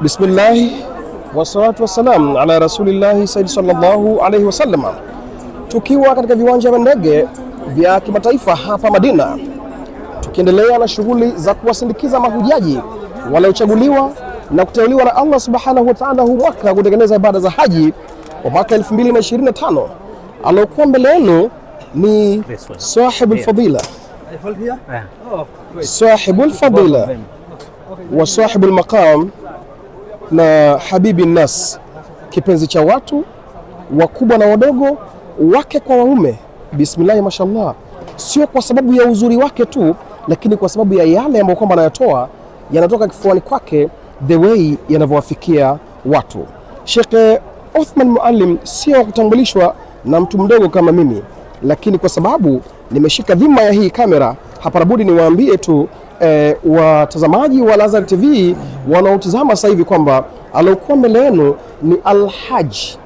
Bismillahi wassalatu wassalam ala rasulillahi saidi sallallahu alaihi wasallam. Tukiwa katika viwanja vya ndege vya kimataifa hapa Madina, tukiendelea na shughuli za kuwasindikiza mahujaji waliochaguliwa na kuteuliwa na Allah subhanahu wa taala huu mwaka kutekeleza ibada za haji kwa mwaka 2025. Aliokuwa mbele yenu ni sahibul fadila, sahibul fadila oh, wa sahibu lmaqam na habibi nnas, kipenzi cha watu wakubwa na wadogo, wake kwa waume. Bismillahi mashallah, sio kwa sababu ya uzuri wake tu, lakini kwa sababu ya yale ambayo kwamba anayotoa yanatoka kifuani kwake, the way yanavyowafikia watu. Shekhe Othman Muallim sio kutambulishwa na mtu mdogo kama mimi, lakini kwa sababu nimeshika dhima ya hii kamera, haparabudi niwaambie tu e, watazamaji wa Lazar TV wanaotazama sasa hivi kwamba aliokuwa mbele yenu ni Alhaji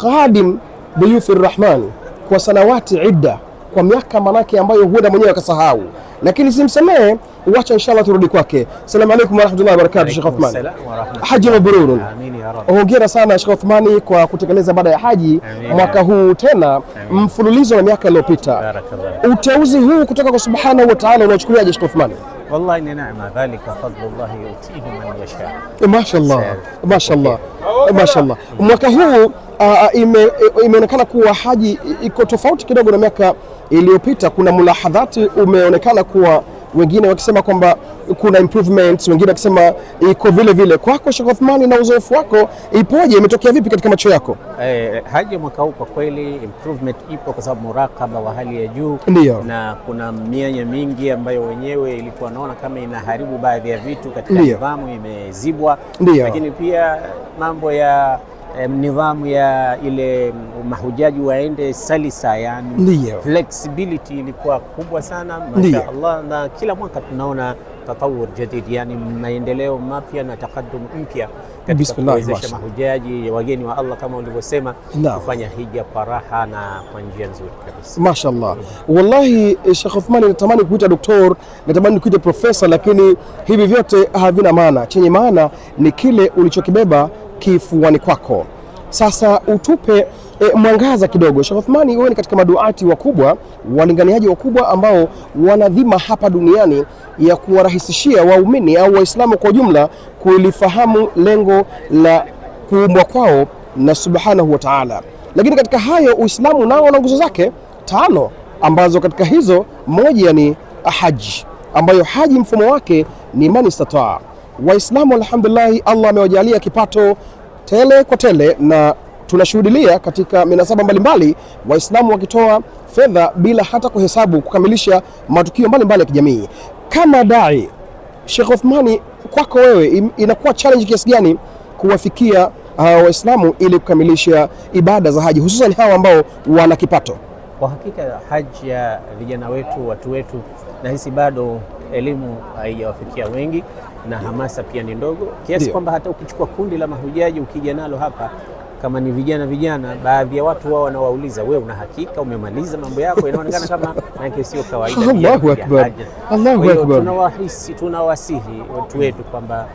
Khadim Buyuthi Rahmani kwa sanawati idda, kwa miaka manake ambayo huenda mwenyewe akasahau, lakini simsemee wacha inshallah turudi kwake. Salamu alaykum warahmatullahi wabarakatuh. Sheikh Uthman. haji mabrur, Hongera sana Sheikh Uthmani kwa kutekeleza ibada ya haji mwaka huu tena mfululizo na miaka iliyopita. Uteuzi huu kutoka kwa subhanahu wa ta'ala unaochukuliaje Sheikh Uthman? والله ذلك فضل الله يؤتيه من يشاء ما شاء الله ما شاء الله ما شاء الله Mwaka huu imeonekana kuwa haji iko tofauti kidogo na miaka iliyopita. Kuna mulahadhati umeonekana kuwa wengine wakisema kwamba kuna improvement, wengine wakisema iko vile vile. Kwako Sheikh Othman, na uzoefu wako ipoje, imetokea vipi katika macho yako? Eh, haja mwaka huu kwa kweli improvement ipo, kwa sababu murakaba wa hali ya juu ndiyo, na kuna mianya mingi ambayo wenyewe ilikuwa naona kama inaharibu baadhi ya vitu katika nidhamu imezibwa, lakini pia mambo ya Eh, nidhamu ya ile mahujaji waende salisa, yani ndiyo, flexibility ilikuwa kubwa sana mashaallah, na kila mwaka tunaona tatawur jadid, yani maendeleo mapya na takadum mpya katika kuwezesha mahujaji wageni wa Allah kama ulivyosema kufanya hija kwa raha na kwa njia nzuri kabisa. Mashaallah. Wallahi eh, Sheikh Uthman, natamani kuita doktor, natamani kuita profesa, lakini hivi vyote havina maana. Chenye maana ni kile ulichokibeba kifuani kwako. Sasa utupe e, mwangaza kidogo Sheikh Othmani, wewe ni katika maduati wakubwa, walinganiaji wakubwa ambao wana dhima hapa duniani ya kuwarahisishia waumini au Waislamu kwa ujumla kulifahamu lengo la kuumbwa kwao na subhanahu wa taala. Lakini katika hayo Uislamu nao na nguzo zake tano, ambazo katika hizo moja ni haji, ambayo haji mfumo wake ni man Waislamu alhamdulillahi, Allah amewajalia kipato tele kwa tele, na tunashuhudia katika minasaba mbalimbali Waislamu wakitoa fedha bila hata kuhesabu kukamilisha matukio mbalimbali ya kijamii. Kama dai, Sheikh Uthmani, kwako wewe inakuwa challenge kiasi gani kuwafikia uh, Waislamu ili kukamilisha ibada za haji hususan hawa ambao wana kipato? Kwa hakika haji ya vijana wetu, watu wetu, nahisi bado elimu haijawafikia wengi na hamasa pia ni ndogo kiasi kwamba hata ukichukua kundi la mahujaji ukija nalo hapa kama ni vijana vijana, baadhi ya watu wao wanawauliza, wewe una hakika umemaliza mambo yako? Inaonekana kama manake sio kawaida. Allahu akbar, Allahu akbar. Tunawahisi, tunawasihi watu wetu kwamba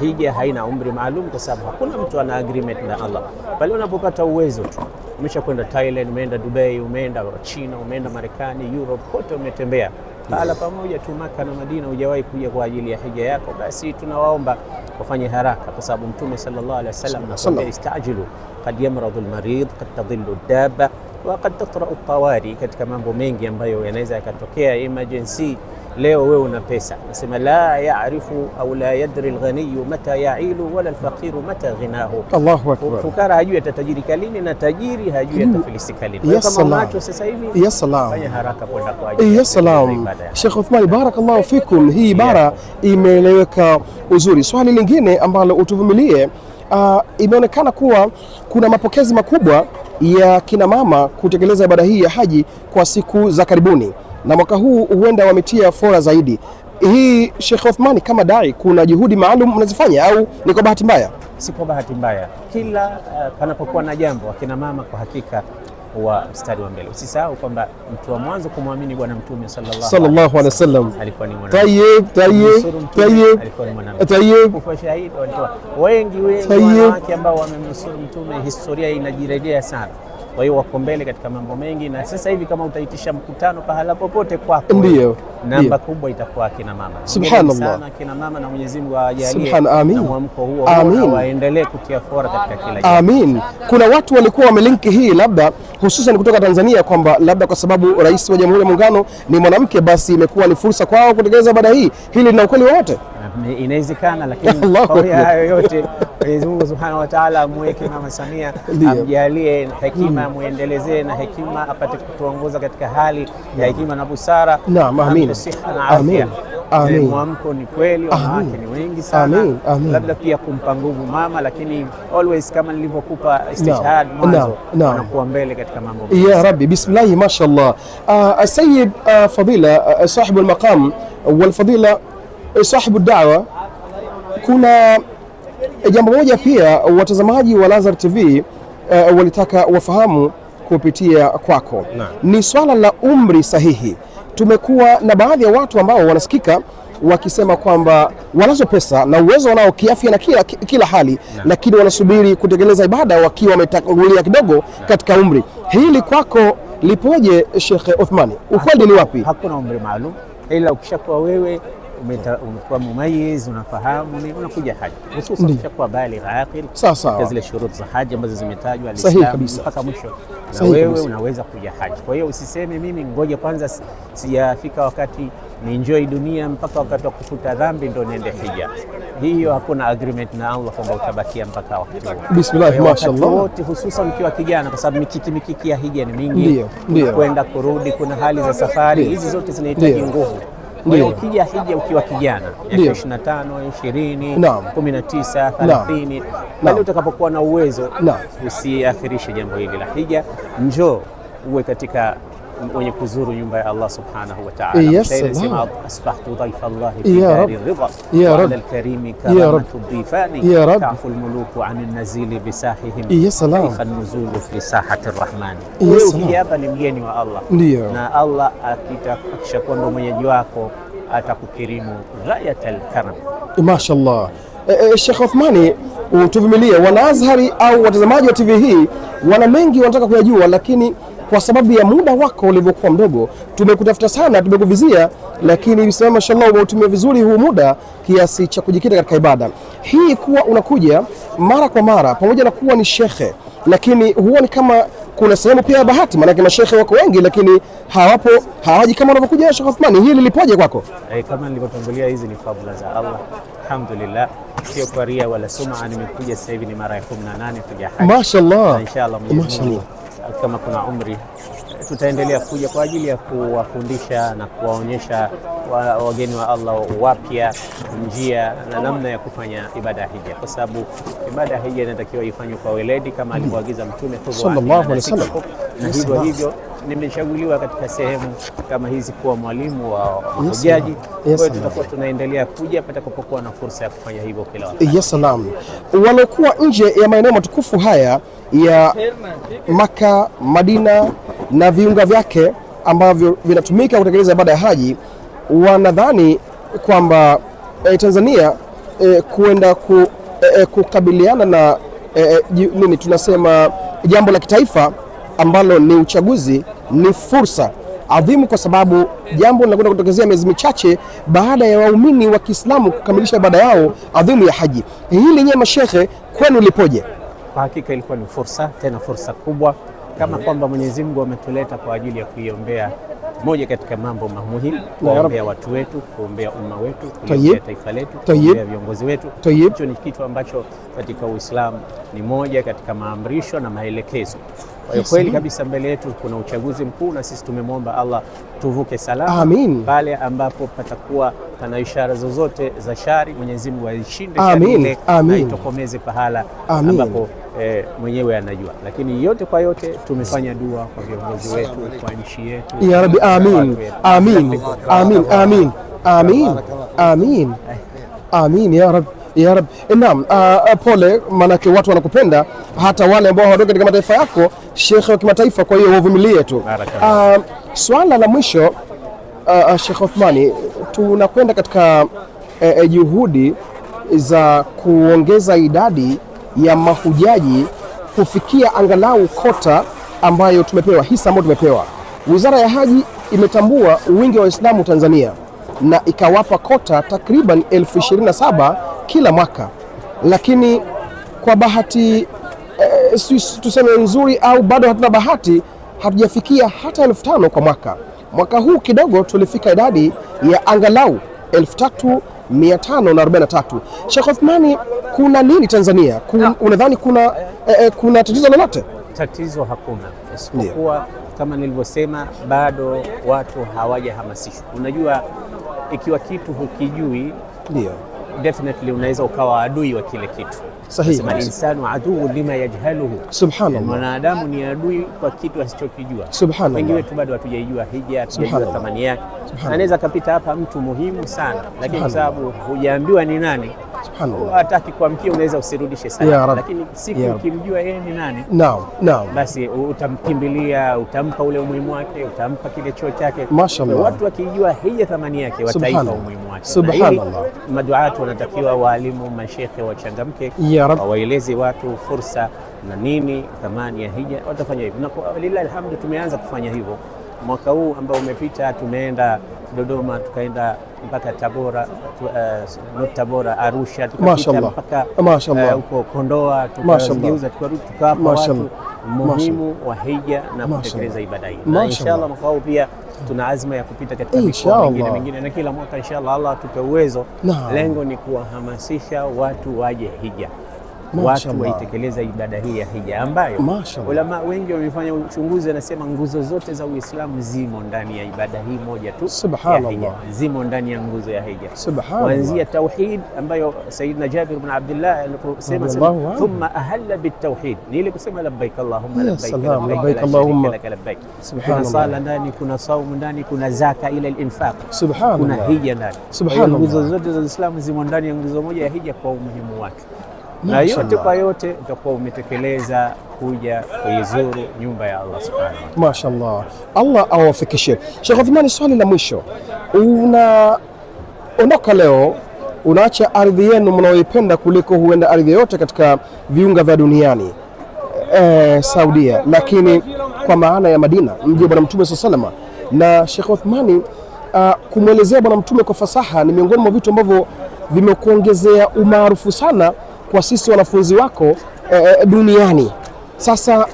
hija haina umri maalum, kwa sababu hakuna mtu ana agreement na Allah. Pale unapopata uwezo tu, umeshakwenda Thailand, umeenda Dubai, umeenda China, umeenda Marekani, Europe, kote umetembea pahala pamoja tu Maka na Madina, hujawahi kuja kwa ajili ya hija yako, basi tunawaomba wafanye haraka, kwa sababu Mtume sallallahu alaihi wasallam anakuambia istajilu kad yamradu lmarid kad tadhillu dabba wa kad tatrau tawari, katika mambo mengi ambayo yanaweza yakatokea emergency leo wewe una pesa. Nasema la yaarifu au la yadri alghaniyu mata yailu wala alfaqiru mata ghinahu. Allahu akbar. Fukara hajui atatajirika lini na tajiri hajui atafilisika lini. Yes, kama macho sasa hivi. Yes, salam. Fanya haraka kwenda kwa ajili. Yes, salam. Sheikh Uthman, barakallahu fikum. Hii ibara imeeleweka uzuri. Swali lingine ambalo utuvumilie, uh, imeonekana kuwa kuna mapokezi makubwa ya kina mama kutekeleza ibada hii ya haji kwa siku za karibuni na mwaka huu huenda wametia fora zaidi. Hii Sheikh Othmani, kama dai, kuna juhudi maalum mnazifanya au ni kwa bahati mbaya? Si kwa bahati mbaya, kila uh, panapokuwa na jambo, akina mama kwa hakika wa mstari wa mbele. Usisahau kwamba mtu wa mwanzo kumwamini Bwana Mtume sallallahu alaihi wasallam alikuwa ni mwanamke. Tayeb, tayeb, tayeb, Wengi wengi wanawake ambao wamemnusuru Mtume, historia inajirejea sana. Kwa hiyo wako mbele katika mambo mengi, na sasa hivi kama utaitisha mkutano pahala popote kwako, ndio namba kubwa itakuwa kina mama. Subhanallah, sana kina mama na Mwenyezi Mungu awajalie na mwamko huo, waendelee kutia fora katika kila jambo. Amin. Kuna watu walikuwa wamelinki hii labda hususan kutoka Tanzania kwamba labda kwa sababu rais wa Jamhuri ya Muungano ni mwanamke, basi imekuwa ni fursa kwao kutengeneza baada hii. Hili lina ukweli wowote? Inawezekana, lakini kwa hayo yote Mwenyezi Mungu Subhanahu wa Ta'ala amweke Mama Samia, amjalie hekima, mm. amwendelezee na hekima, apate kutuongoza katika hali ya hekima na busara. Naam, amin. Amin. Amin. Mwamko ni kweli, wanawake ni wengi sana. Amin. Amin. Labda pia kumpa nguvu mama, lakini always kama nilivyokupa istishhad mwanzo anakuwa mbele katika mambo. Ya Rabbi, bismillah, mashallah. Uh, Sayyid uh, Fadila uh, ah, sahibu al-maqam wal Fadila uh, sahibu ad-da'wa kuna E, jambo moja pia watazamaji wa Lazar TV e, eh, walitaka wafahamu kupitia kwako na, ni swala la umri sahihi. Tumekuwa na baadhi ya watu ambao wanasikika wakisema kwamba wanazo pesa na uwezo wanao kiafya na kila, kila hali lakini wanasubiri kutekeleza ibada wakiwa wametangulia kidogo na, katika umri. Hili kwako lipoje Sheikh Othmani? Ukweli ni wapi? Hakuna umri maalum ila ukishakuwa wewe umekuwa mumayiz, unafahamu, unakuja haji hususan ushakuwa baligh aqil, sawa zile shurut za haji ambazo zimetajwa alislam mpaka mwisho, na wewe unaweza kuja haji. Kwa hiyo usiseme mimi ngoja kwanza sijafika wakati enjoy dunia mpaka wakati wa kufuta dhambi ndo niende hija. Hiyo hakuna agreement na Allah kwamba utabakia mpaka wakati huo. Bismillah, mashaallah, wote, hususan ukiwa kijana, kwa sababu mikiki mikiki ya hija ni mingi, kwenda kurudi, kuna hali za safari hizi zote zinahitaji nguvu Ukija hija ukiwa kijana ya 25, 20, 19, 30, bali utakapokuwa na uwezo usiakhirishe jambo hili la hija, njoo uwe katika wenye kuzuru nyumba ya Allah subhanahu wa ta'ala. Sema asbahtu dhaifa Allah fi dari ridha Ya ala Ya karim karamatu dhifani ta'fu al-muluku an an-nazili bi sahihim Ya salam. kayfa an-nuzul fi sahati ar-rahman. Wewe hapa ni mgeni wa Allah Ndio. na Allah akitakisha kwamba ndo mwenyeji wako atakukirimu ghayat al-karam. Mashaallah. Sheikh Uthmani, tuvumilie. Wanaazhari au watazamaji wa TV hii wana mengi wanataka kuyajua, lakini kwa sababu ya muda wako ulivyokuwa mdogo. Tumekutafuta sana, tumekuvizia, lakini bismillah, mashallah umeutumia vizuri huu muda kiasi cha kujikita katika ibada hii. Kuwa unakuja mara kwa mara, pamoja na kuwa ni shekhe, lakini huwa ni kama kuna sehemu pia ya bahati, maanake mashehe wako wengi, lakini hawapo hawaji kama unavyokuja. Sheikh Uthmani, hii lilipoje kwako? Hey, eh, kama nilivyotangulia, hizi ni fadhila za Allah, alhamdulillah, sio kwa ria wala sumaa. Nimekuja sasa hivi ni mara ya 18 kuja hapa, mashaallah, mashaallah, mashaallah kama kuna umri, tutaendelea kuja kwa ajili ya kuwafundisha na kuwaonyesha wageni wa Allah wapya njia na namna ya kufanya ibada ya hija, kwa sababu ibada ya hija inatakiwa ifanywe kwa weledi kama alivyoagiza Mtume sallallahu alaihi wasallam, na hivyo hivyo nimechaguliwa katika sehemu kama hizi kuwa mwalimu wa wahojaji. Yes, yes, tutakuwa tunaendelea kuja kupokuwa na fursa ya kufanya hivyo kila wakati. Yes, salam. Wanaokuwa nje ya maeneo matukufu haya ya Maka, Madina na viunga vyake ambavyo vinatumika kutekeleza ibada ya haji wanadhani kwamba eh, Tanzania eh, kuenda ku, eh, eh kukabiliana na eh, eh nini tunasema jambo la kitaifa ambalo ni uchaguzi ni fursa adhimu kwa sababu jambo linakwenda kutokezea miezi michache baada ya waumini wa Kiislamu kukamilisha ibada yao adhimu ya haji. Hili lenyewe mashehe, kwenu lipoje? Kwa hakika ilikuwa ni fursa, tena fursa kubwa, kama kwamba Mwenyezi Mungu ametuleta kwa ajili ya kuiombea moja katika mambo muhimu, kuombea watu wetu, kuombea umma wetu, kuombea taifa letu, kuombea viongozi wetu. Hicho ni kitu ambacho katika Uislamu ni moja katika maamrisho na maelekezo. Kwa hiyo kweli kabisa mbele yetu kuna uchaguzi mkuu, na sisi tumemwomba Allah tuvuke salama. Amin. Pale ambapo patakuwa pana ishara zozote za shari, Mwenyezi Mungu aishinde shari ile na itokomeze pahala Amin. ambapo E, mwenyewe anajua, lakini yote kwa yote tumefanya dua kwa viongozi wetu, kwa nchi yetu ya Rabbi, amin amin amin amin amin amin ya Rabbi ya Rabbi. E, uh, pole, maanake watu wanakupenda hata wale ambao hawadoki katika mataifa yako, shekhe wa kimataifa. Kwa hiyo wavumilie tu. Ah, swala la mwisho Shekhe Uthmani, tunakwenda katika uh, juhudi za kuongeza idadi ya mahujaji kufikia angalau kota ambayo tumepewa, hisa ambayo tumepewa. Wizara ya Haji imetambua wingi wa Waislamu Tanzania na ikawapa kota takriban elfu kila mwaka, lakini kwa bahati eh, tuseme nzuri au bado hatuna bahati, hatujafikia hata elfu tano kwa mwaka. Mwaka huu kidogo tulifika idadi ya angalau elfu tatu 543. Sheikh Othmani, kuna nini Tanzania? Kuna, ah. unadhani kuna, eh, eh, kuna tatizo lolote? Tatizo hakuna isipokuwa kama nilivyosema, bado watu hawajahamasishwa. Unajua ikiwa kitu hukijui, ndio definitely unaweza ukawa adui wa kile kitu. Sahihi. Insanu aduu lima yajhaluhu, subhanallah, mwanadamu ni adui kwa kitu asichokijua. Subhanallah, wengi wetu bado hatujaijua hija, hatujajua thamani yake. Anaweza akapita hapa mtu muhimu sana, lakini kwa sababu hujaambiwa ni nani hataki kuamkia, unaweza usirudishe sana, lakini siku ukimjua yeye ni nani, naam naam, basi utamkimbilia, utampa ule umuhimu wake, utampa kile cheo chake. Mashaallah, watu wakijua hija thamani yake, wataipa umuhimu wake. Subhanallah, maduatu wanatakiwa, waalimu, mashekhe wachangamke, waeleze watu fursa na nini thamani ya hija, watafanya hivyo. Na lillahi alhamdu, tumeanza kufanya hivyo mwaka huu ambao umepita, tumeenda Dodoma tukaenda mpaka Tabora uh, Tabora, Arusha tukapita mpaka eh, huko uh, Kondoa tukageuza tukarudi tukawapa watu muhimu wa hija na kutekeleza ibada hii, na inshallah mwaka huu pia tuna azma ya kupita katika mikoa mingine mingine, na kila mwaka inshallah Allah atupe uwezo. Lengo ni kuwahamasisha watu waje hija watu waitekeleza ibada hii ya hija ambayo ulama wengi wamefanya uchunguzi, anasema nguzo zote za Uislamu zimo ndani ya ibada hii moja tu ya zimo ndani ya nguzo ya hija, kuanzia tauhid ambayo Sayyidina Jabir bin Abdullah aliposema thumma ahalla bitauhid, ni ile kusema labbaik allahumma labbaik labbaik. Kuna sala ndani, kuna saumu ndani, kuna zaka ila al-infaq, kuna hija ndani. Nguzo zote za Uislamu zimo ndani ya nguzo moja ya hija kwa umuhimu wake na yote kwa yote utakuwa umetekeleza kuja kuizuru nyumba ya Allah subhanahu Mashaallah, Allah awafikishie. Sheikh Uthmani, swali la mwisho, unaondoka leo unaacha ardhi yenu mnaoipenda kuliko huenda ardhi yote katika viunga vya duniani e, Saudia, lakini kwa maana ya Madina, mji wa Bwana Mtume sallallahu alaihi wasallam. Na Sheikh Uthmani, uh, ah, kumwelezea Bwana Mtume kwa fasaha ni miongoni mwa vitu ambavyo vimekuongezea umaarufu sana kwa sisi wanafunzi wako e, duniani. Sasa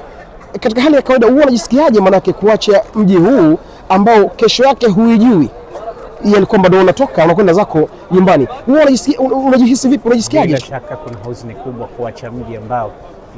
katika hali ya kawaida huwa unajisikiaje, maanake kuacha mji huu ambao kesho yake huijui, yani kwamba ndio unatoka unakwenda zako nyumbani, huwa unajihisi vipi? Unajisikiaje? Bila shaka kuna huzuni kubwa kuacha mji ambao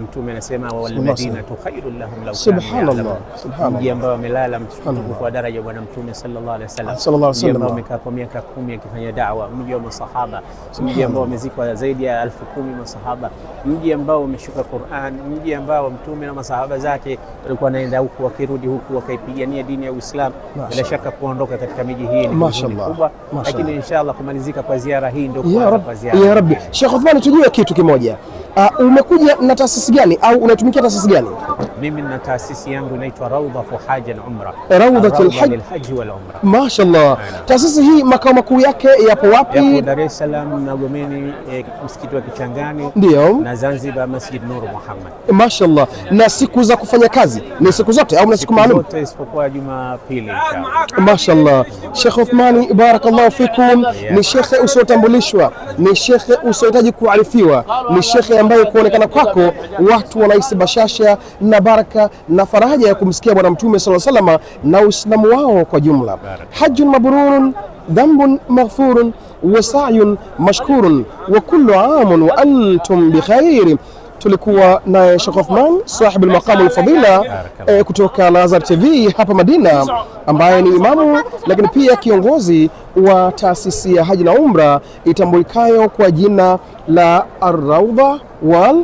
Mtume anasema walmadina tu khairul lahum law subhanallah, subhanallah, mji ambao amelala mtukufu kwa daraja Bwana Mtume sallallahu alaihi wasallam, ah, sallallahu mji ambao amekaa kwa miaka kumi akifanya da'wa, mji wa masahaba, mji ambao amezikwa zaidi ya elfu kumi masahaba, mji ambao umeshuka Qur'an, mji ambao Mtume na masahaba zake walikuwa wanaenda huku wakirudi huku wakaipigania dini ya Uislamu. Bila shaka kuondoka katika miji hii ni kubwa, lakini inshallah kumalizika kwa ziara hii ndio kwa ziara ya Rabbi. Sheikh Uthman, tujue kitu kimoja, ah, umekuja na taasisi taasisi gani au unatumikia taasisi gani? Mimi na taasisi yangu inaitwa Raudha Fuhaji na Umra, Raudhatul Hajj wal Umra. Mashaallah, taasisi hii makao makuu yake yapo wapi? Yapo Dar es Salaam na Gomeni, e, eh, msikiti wa Kichangani ndio, na Zanzibar Masjid Nur Muhammad. Mashaallah, na siku za kufanya kazi ni siku zote au na siku maalum? Zote isipokuwa Jumapili. Mashaallah, Sheikh Uthmani barakallahu fikum, ni shekhe usiotambulishwa, ni shekhe usiohitaji kuarifiwa, ni shekhe ambaye kuonekana kwako watu wanahisi bashasha na baraka na faraja ya kumsikia Bwana Mtume sala salama na Uislamu wao kwa jumla. Hajjun mabrurun dhambun maghfurun wa sa'yun mashkurun wa kullu amun wa antum bikhairi. Tulikuwa naye Sheikh Othman sahibu al-maqam al-fadila e, kutoka Al Azhar TV hapa Madina, ambaye ni imamu lakini pia kiongozi wa taasisi ya haji na umra itambulikayo kwa jina la Ar-Raudha wal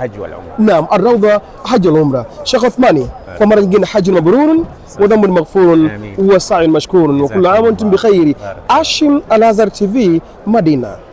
حج والعمرة نعم الروضة حج والعمرة شيخ عثماني آه. فمرة جينا حج مبرور وذنب مغفور وسعي مشكور وكل عام وانتم بخير عاشم الازهر تي في مدينه